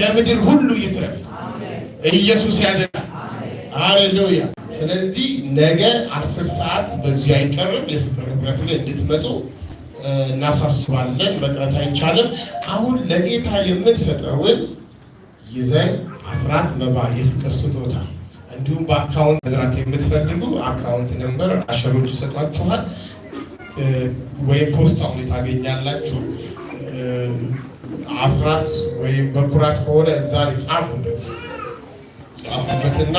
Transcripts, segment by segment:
ለምድር ሁሉ ይትረፍ። ኢየሱስ ያድናል። ሃሌሉያ። ስለዚህ ነገ አስር ሰዓት በዚህ አይቀርም የፍቅር ህብረት ላይ እንድትመጡ እናሳስባለን። መቅረት አይቻልም። አሁን ለጌታ የምንሰጠውን ይዘን አስራት መባ የፍቅር ስጦታ እንዲሁም በአካውንት መዝራት የምትፈልጉ አካውንት ነምበር አሸሮች ይሰጧችኋል፣ ወይም ፖስታውን ታገኛላችሁ። አስራት ወይም በኩራት ከሆነ እዛ ላይ ጻፉበት ጻፉበት እና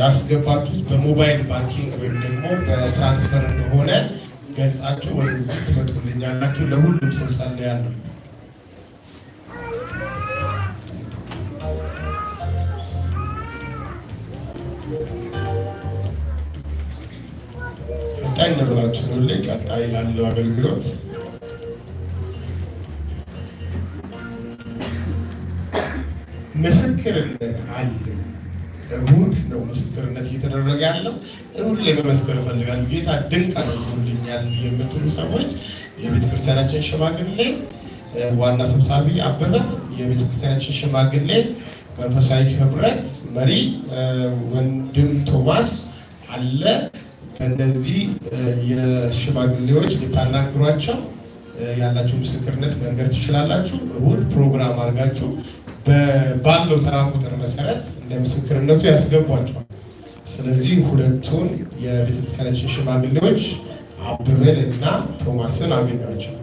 ያስገባችሁት በሞባይል ባንኪንግ ወይም ደግሞ በትራንስፈር እንደሆነ ገልጻችሁ ወደዚህ ትመጡልኛላችሁ። ለሁሉም ሰው ጸልያለሁ። ፈጣኝ ነብራችሁን ላይ ቀጣይ ላለው አገልግሎት እሁድ ነው ምስክርነት እየተደረገ ያለው። እሁድ ላይ መመስከር እፈልጋለሁ። ጌታ ድንቅ አድርጎልኛል የምትሉ ሰዎች የቤተክርስቲያናችን ሽማግሌ ዋና ሰብሳቢ አበበ፣ የቤተክርስቲያናችን ሽማግሌ መንፈሳዊ ህብረት መሪ ወንድም ቶማስ አለ። እነዚህ የሽማግሌዎች ልታናግሯቸው ያላችሁ ምስክርነት መንገድ ትችላላችሁ። እሁድ ፕሮግራም አድርጋችሁ ባለው ተራ ቁጥር መሰረት እንደ ምስክርነቱ ያስገቧቸዋል። ስለዚህ ሁለቱን የቤተክርስቲያናችን ሽማግሌዎች አብበን እና ቶማስን አገኟቸው።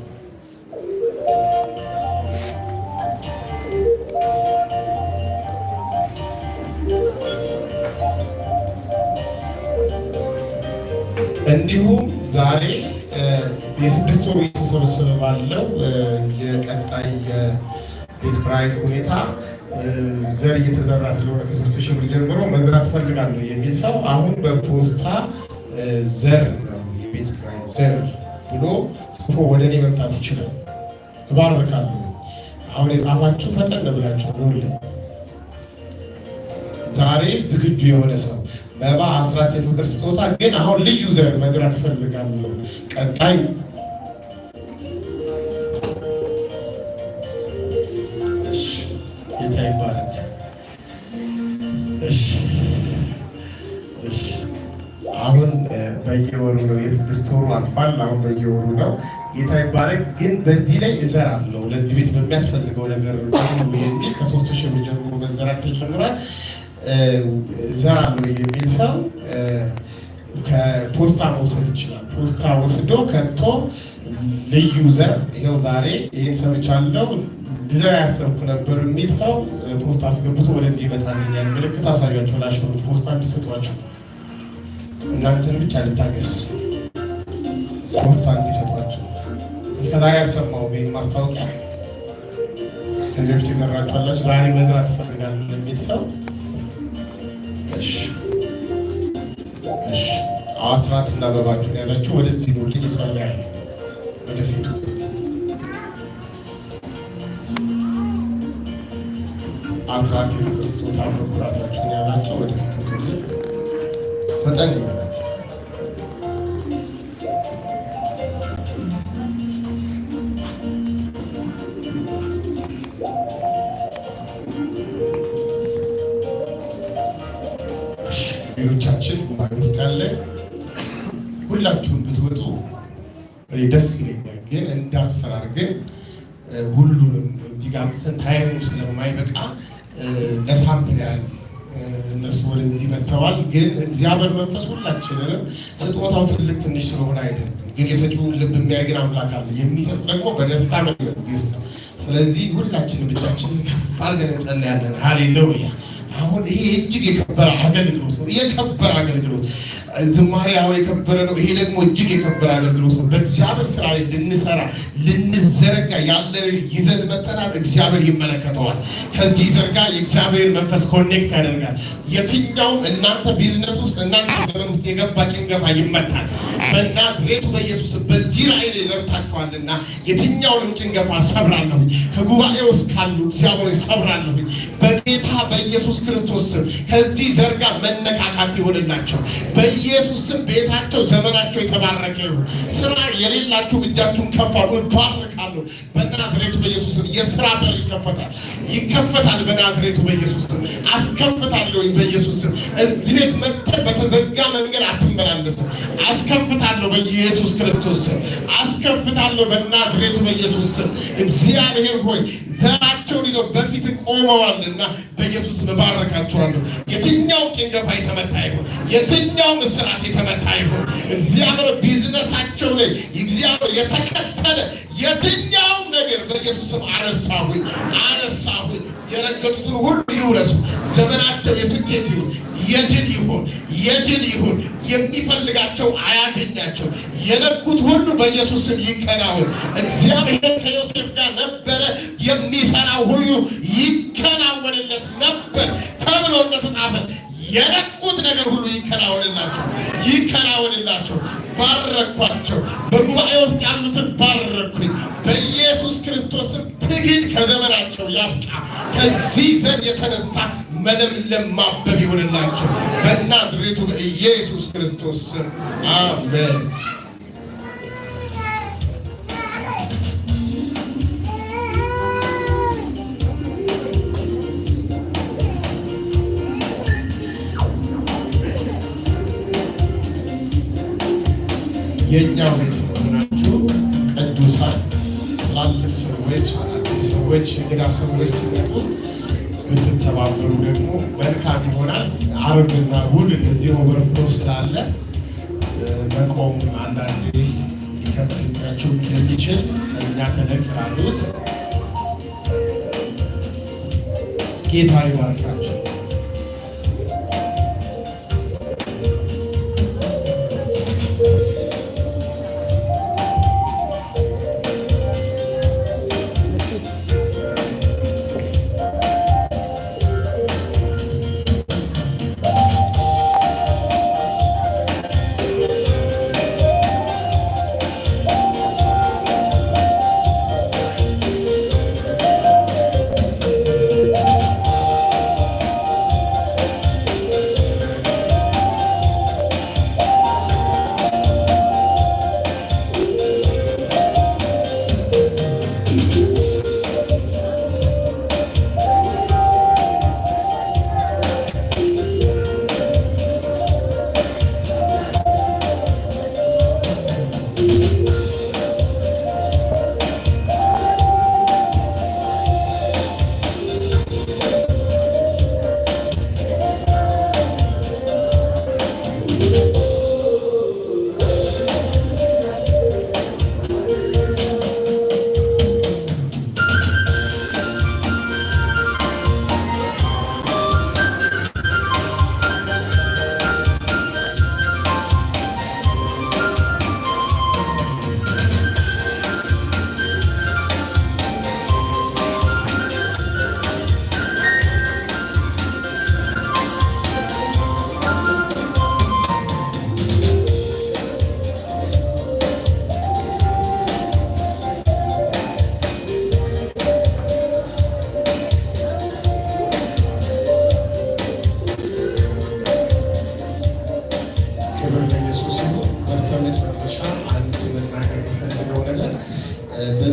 እንዲሁም ዛሬ የስድስት ወሩ እየተሰበሰበ ባለው የቀጣይ የትግራይ ሁኔታ ዘር እየተዘራ ስለሆነ ከሶስት ሺህ ብር ጀምሮ መዝራት ፈልጋለሁ የሚል ሰው አሁን በፖስታ ዘር ነው የቤት ኪራይ ዘር ብሎ ጽፎ ወደ እኔ መምጣት ይችላል። እባርካለሁ። አሁን የጻፋችሁ ፈጠን ብላችሁ ኑል ዛሬ ዝግጁ የሆነ ሰው መባ አስራት የፍቅር ስጦታ ግን አሁን ልዩ ዘር መዝራት ፈልጋለሁ ቀጣይ አሁን በየወሩ ነው። የስድስት ወሩ አልፏል። አሁን በየወሩ ነው። ጌታ ይባረክ። ግን በዚህ ላይ እዘራለሁ ለዚህ ቤት በሚያስፈልገው ነገር የሚል ከሶስት ሺህ የሚጀምሩ መዘራት ተጀምሯል። እዘራለሁ የሚል ሰው ከፖስታ መውሰድ ይችላል። ፖስታ ወስዶ ከቶ ልዩ ዘር ይኸው ዛሬ ይህን ሰምቻለሁ ዘር ያሰብኩ ነበር የሚል ሰው ፖስታ አስገብቶ ወደዚህ ይመጣልኛል። ምልክት አሳያቸው ላሸሩት ፖስታ እንዲሰጧቸው እናንተን ብቻ ልታገስ ቦታ እንዲሰጧቸው እስከዛሬ ያልሰማው ወይም ማስታወቂያ ከዚህ በፊት የዘራችኋላችሁ ዛሬ መዝራት ትፈልጋሉ ለሚል ሰው አስራት እና አበባችሁን ያላችሁ ወደዚህ ኑልኝ፣ ይጸልያል ወደፊቱ አስራት የፍቅር ስጦታ ኩራታችሁን ያላችሁ ወደ ፈጠን ሌሎቻችን ጉባኤ ውስጥ ያለ ሁላችሁም ብትወጡ ደስ ይለኛል። ግን እንዳሰራር ግን ሁሉንም እዚህ ጋር ስለማይበቃ ግን እግዚአብሔር መንፈስ ሁላችንንም ስጦታው ትልቅ ትንሽ ስለሆነ አይደለም። ግን የሰጪውን ልብ የሚያይ ግን አምላክ አለ፣ የሚሰጥ ደግሞ በደስታ መንግስት። ስለዚህ ሁላችንም እጃችንን ከፍ አድርገን እንጸልያለን። ሃሌሉያ! አሁን ይሄ እጅግ የከበረ አገልግሎት ነው፣ የከበረ አገልግሎት ዝማሪያው የከበረ ነው። ይሄ ደግሞ እጅግ የከበረ አገልግሎት ነው። በእግዚአብሔር ስራ ላይ ልንሰራ ልንዘረጋ ያለንን ይዘን መጠናት እግዚአብሔር ይመለከተዋል። ከዚህ ዘርጋ የእግዚአብሔር መንፈስ ኮኔክት ያደርጋል። የትኛውም እናንተ ቢዝነስ ውስጥ እናንተ ዘመን ውስጥ የገባ ጭንገፋ ይመታል። በናዝሬቱ በኢየሱስ በዚህ ራእይ ላይ ዘርታችኋልና የትኛውንም ጭንገፋ ሰብራለሁ። ከጉባኤ ውስጥ ካሉ እግዚአብሔር ሰብራለሁ በጌታ በኢየሱስ ክርስቶስ ስም ከዚህ ዘርጋ መነካካት ይሆንላቸው በየ በኢየሱስ ስም ቤታቸው፣ ዘመናቸው የተባረከ ይሁን። ስራ የሌላችሁ እጃችሁን ከፍ እባርካለሁ በናዝሬቱ በኢየሱስ ስም። የስራ በር ይከፈታል፣ ይከፈታል በናዝሬቱ በኢየሱስ ስም። አስከፍታለሁኝ በኢየሱስ ስም። እዚህ ቤት መጥተህ በተዘጋ መንገድ አትመላለስም። አስከፍታለሁ በኢየሱስ ክርስቶስ ስም። አስከፍታለሁ በናዝሬቱ በኢየሱስ ስም። እግዚአብሔር ሆይ ዘራቸውን ይዘው በፊት ቆመዋልና በኢየሱስ እባረካችኋለሁ። የትኛው ጭንገፋ የተመታ ይሁን፣ የትኛው እስራት የተመታ ይሁን፣ እግዚአብሔር ቢዝነሳቸው ላይ እግዚአብሔር የተከተለ የትኛው ነገር በኢየሱስ ስም አነሳሁ አነሳሁ። የረገጡትን ሁሉ ይውረሱ። ዘመናቸው የስኬት ይሁን። የድል ይሁን የድል ይሁን። የሚፈልጋቸው አያገኛቸው። የነኩት ሁሉ በኢየሱስ ስም ይከናወን። እግዚአብሔር ከዮሴፍ ጋር ነበረ። የሚሰራው ሁሉ ይከናወንለት ነበር ተብሎ እንደተጻፈ የነኩት ነገር ሁሉ ይከናወንላቸው፣ ይከናወንላቸው ባረኳቸው። በጉባኤ ውስጥ ያሉትን ባረኩኝ። በኢየሱስ ክርስቶስም ትግል ከዘመናቸው ያብቃ። ከዚህ ዘር የተነሳ መለምለም ማበብ ይሆንላቸው በእናዝሬቱ በኢየሱስ ክርስቶስ ስም አሜን። የእኛ ቤት ሆናችሁ ቅዱሳን ትላልቅ ሰዎች፣ አዳዲስ ሰዎች፣ እንግዳ ሰዎች ሲመጡ ብትተባበሩ ደግሞ መልካም ይሆናል። አርብና እሑድ እንደዚህ ኦቨርፍሎ ስላለ መቆም አንዳንዴ ሊከብዳችሁ እንደሚችል እኛ ተነግራሉት። ጌታ ይባርካል።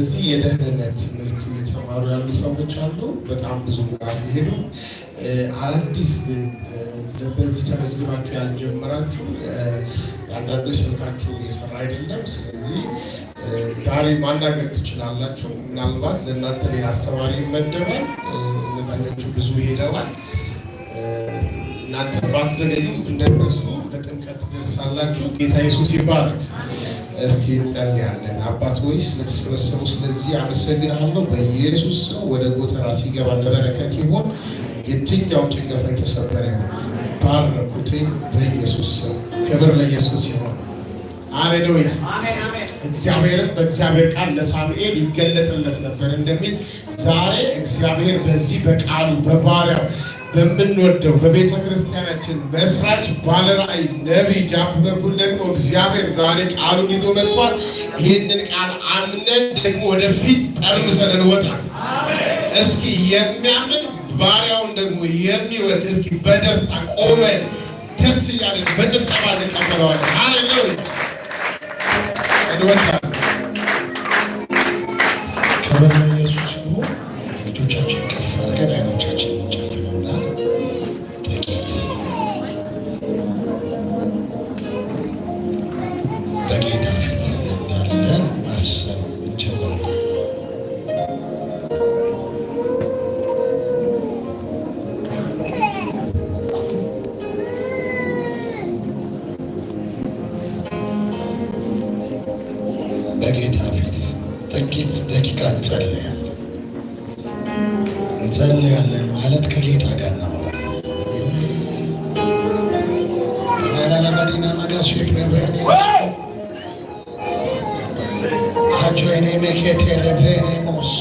በዚህ የደህንነት ትምህርት የተማሩ ያሉ ሰዎች አሉ። በጣም ብዙ ምዕራፍ ሄዱ። አዲስ ግን በዚህ ተመዝግባችሁ ያልጀመራችሁ አንዳንዱ ስልካችሁ እየሰራ አይደለም። ስለዚህ ዛሬ ማናገር ትችላላችሁ። ምናልባት ለእናንተ ሌላ አስተማሪ ይመደባል። እነዛኞቹ ብዙ ሄደዋል። እናንተ ባትዘገዩም እንደነሱ ለጥምቀት ደርሳላችሁ። ጌታ ኢየሱስ ይባረክ። እስኪ እንጸልያለን። አባት ሆይ ስለተሰበሰቡ ስለዚህ አመሰግናለሁ። በኢየሱስ ስም ወደ ጎተራ ሲገባ ለበረከት ይሆን። የትኛው ጭንገፋ የተሰበረ ይሆን። ባረኩትኝ በኢየሱስ ስም። ክብር ለኢየሱስ ይሆን። አሌሉያ። እግዚአብሔርን በእግዚአብሔር ቃል ለሳሙኤል ይገለጥለት ነበር እንደሚል ዛሬ እግዚአብሔር በዚህ በቃሉ በባሪያው በምንወደው በቤተ ክርስቲያናችን መስራች ባለራእይ ነቢይ ጃፍ በኩል ደግሞ እግዚአብሔር ዛሬ ቃሉን ይዞ መጥቷል። ይህንን ቃል አምነን ደግሞ ወደፊት ጠርምሰን እንወጣል። እስኪ የሚያምን ባሪያውን ደግሞ የሚወድ እስኪ በደስታ ቆመን ደስ እያለ በጭብጨባ እንቀበለዋለን። አለ እንወጣለን። ጥቂት ደቂቃ እንጸልያለን እንጸልያለን ማለት ከጌታ ጋር ነው። ለመዲና መጋሴት ለበኔ አጆ ኔ መኬቴ ለበኔ ሞስ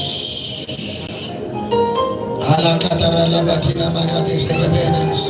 አላካተራ ለመዲና መጋቴስ ለበኔስ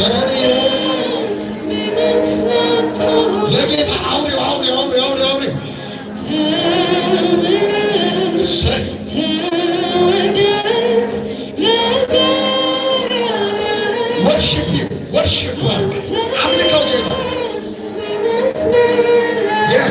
Yeah.